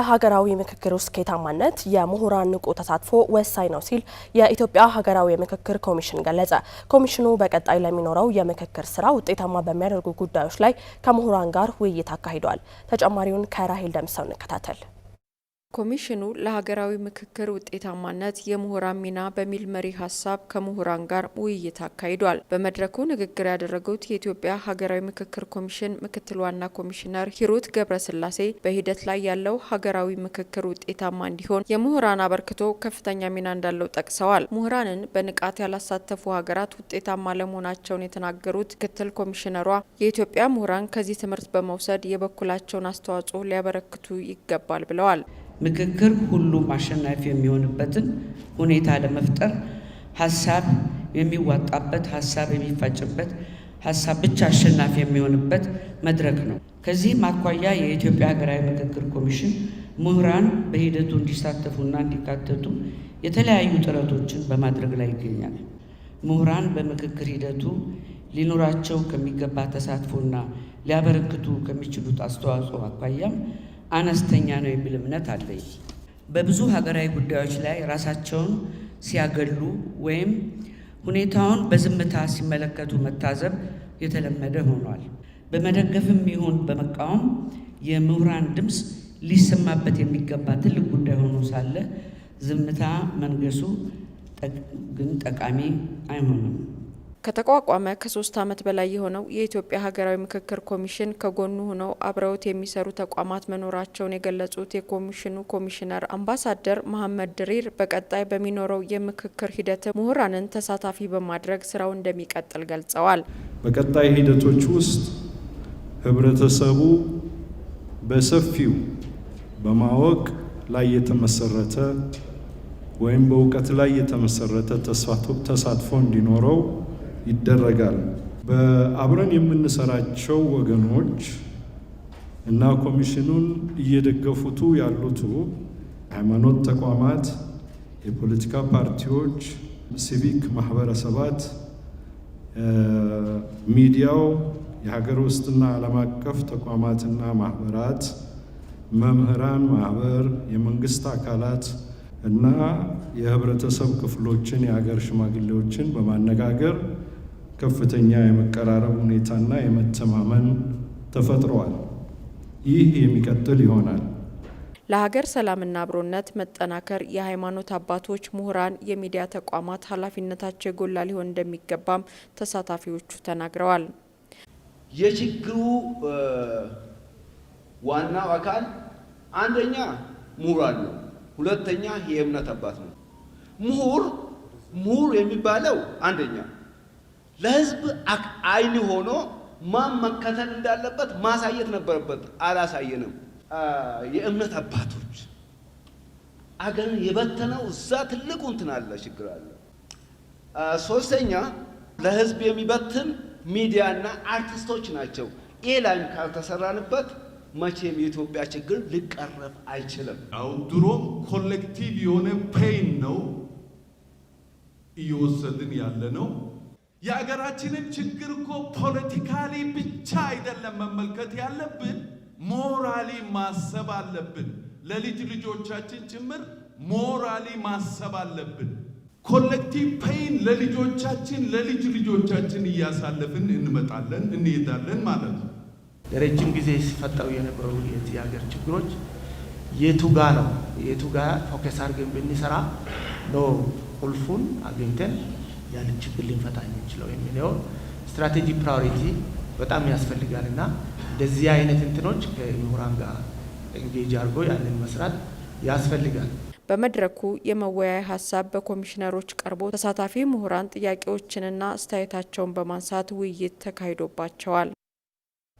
የሀገራዊ ምክክር ስኬታማነት የምሁራን ንቁ ተሳትፎ ወሳኝ ነው ሲል የኢትዮጵያ ሀገራዊ የምክክር ኮሚሽን ገለጸ። ኮሚሽኑ በቀጣይ ለሚኖረው የምክክር ስራ ውጤታማ በሚያደርጉ ጉዳዮች ላይ ከምሁራን ጋር ውይይት አካሂዷል። ተጨማሪውን ከራሄል ደምሰው እንከታተል። ኮሚሽኑ ለሀገራዊ ምክክር ውጤታማነት የምሁራን ሚና በሚል መሪ ሀሳብ ከምሁራን ጋር ውይይት አካሂዷል። በመድረኩ ንግግር ያደረጉት የኢትዮጵያ ሀገራዊ ምክክር ኮሚሽን ምክትል ዋና ኮሚሽነር ሂሩት ገብረስላሴ በሂደት ላይ ያለው ሀገራዊ ምክክር ውጤታማ እንዲሆን የምሁራን አበርክቶ ከፍተኛ ሚና እንዳለው ጠቅሰዋል። ምሁራንን በንቃት ያላሳተፉ ሀገራት ውጤታማ ለመሆናቸውን የተናገሩት ምክትል ኮሚሽነሯ የኢትዮጵያ ምሁራን ከዚህ ትምህርት በመውሰድ የበኩላቸውን አስተዋጽኦ ሊያበረክቱ ይገባል ብለዋል። ምክክር ሁሉም አሸናፊ የሚሆንበትን ሁኔታ ለመፍጠር ሀሳብ የሚዋጣበት፣ ሀሳብ የሚፋጭበት፣ ሀሳብ ብቻ አሸናፊ የሚሆንበት መድረክ ነው። ከዚህም አኳያ የኢትዮጵያ ሀገራዊ ምክክር ኮሚሽን ምሁራን በሂደቱ እንዲሳተፉና እንዲካተቱ የተለያዩ ጥረቶችን በማድረግ ላይ ይገኛል። ምሁራን በምክክር ሂደቱ ሊኖራቸው ከሚገባ ተሳትፎና ሊያበረክቱ ከሚችሉት አስተዋጽኦ አኳያም አነስተኛ ነው የሚል እምነት አለኝ። በብዙ ሀገራዊ ጉዳዮች ላይ ራሳቸውን ሲያገሉ ወይም ሁኔታውን በዝምታ ሲመለከቱ መታዘብ የተለመደ ሆኗል። በመደገፍም ይሁን በመቃወም የምሁራን ድምፅ ሊሰማበት የሚገባ ትልቅ ጉዳይ ሆኖ ሳለ ዝምታ መንገሱ ግን ጠቃሚ አይሆንም። ከተቋቋመ ከሶስት ዓመት በላይ የሆነው የኢትዮጵያ ሀገራዊ ምክክር ኮሚሽን ከጎኑ ሆነው አብረውት የሚሰሩ ተቋማት መኖራቸውን የገለጹት የኮሚሽኑ ኮሚሽነር አምባሳደር መሐመድ ድሪር በቀጣይ በሚኖረው የምክክር ሂደት ምሁራንን ተሳታፊ በማድረግ ስራው እንደሚቀጥል ገልጸዋል። በቀጣይ ሂደቶች ውስጥ ህብረተሰቡ በሰፊው በማወቅ ላይ የተመሰረተ ወይም በእውቀት ላይ የተመሰረተ ተሳትፎ እንዲኖረው ይደረጋል። በአብረን የምንሰራቸው ወገኖች እና ኮሚሽኑን እየደገፉቱ ያሉቱ የሃይማኖት ተቋማት፣ የፖለቲካ ፓርቲዎች፣ ሲቪክ ማህበረሰባት፣ ሚዲያው፣ የሀገር ውስጥና ዓለም አቀፍ ተቋማትና ማህበራት፣ መምህራን ማህበር፣ የመንግስት አካላት እና የህብረተሰብ ክፍሎችን የሀገር ሽማግሌዎችን በማነጋገር ከፍተኛ የመቀራረብ ሁኔታና የመተማመን ተፈጥሯል። ይህ የሚቀጥል ይሆናል። ለሀገር ሰላምና አብሮነት መጠናከር የሃይማኖት አባቶች፣ ምሁራን፣ የሚዲያ ተቋማት ኃላፊነታቸው የጎላ ሊሆን እንደሚገባም ተሳታፊዎቹ ተናግረዋል። የችግሩ ዋናው አካል አንደኛ ምሁራን ነው፣ ሁለተኛ የእምነት አባት ነው። ምሁር ምሁር የሚባለው አንደኛ ለህዝብ አይን ሆኖ ማን መከተል እንዳለበት ማሳየት ነበረበት። አላሳየንም። የእምነት አባቶች አገርን የበተነው እዛ ትልቁ እንትን አለ፣ ችግር አለ። ሶስተኛ ለህዝብ የሚበትን ሚዲያና አርቲስቶች ናቸው። ይህ ላይም ካልተሰራንበት መቼም የኢትዮጵያ ችግር ሊቀረፍ አይችልም። አሁ ድሮም ኮሌክቲቭ የሆነ ፔን ነው እየወሰድን ያለ ነው። የአገራችንን ችግር እኮ ፖለቲካሊ ብቻ አይደለም መመልከት ያለብን፣ ሞራሊ ማሰብ አለብን። ለልጅ ልጆቻችን ጭምር ሞራሊ ማሰብ አለብን። ኮሌክቲቭ ፔይን ለልጆቻችን ለልጅ ልጆቻችን እያሳለፍን እንመጣለን እንሄዳለን ማለት ነው። ለረጅም ጊዜ ሲፈጠሩ የነበሩ የዚህ ሀገር ችግሮች ጋ ነው የቱ ጋ ፎከስ አድርገን ብንሰራ ነው ቁልፉን አግኝተን ያንን ችግር ልንፈታ የምንችለው የሚለውን ስትራቴጂ ፕራዮሪቲ በጣም ያስፈልጋል እና እንደዚህ አይነት እንትኖች ከምሁራን ጋር እንጌጅ አድርጎ ያንን መስራት ያስፈልጋል። በመድረኩ የመወያያ ሀሳብ በኮሚሽነሮች ቀርቦ ተሳታፊ ምሁራን ጥያቄዎችንና አስተያየታቸውን በማንሳት ውይይት ተካሂዶባቸዋል።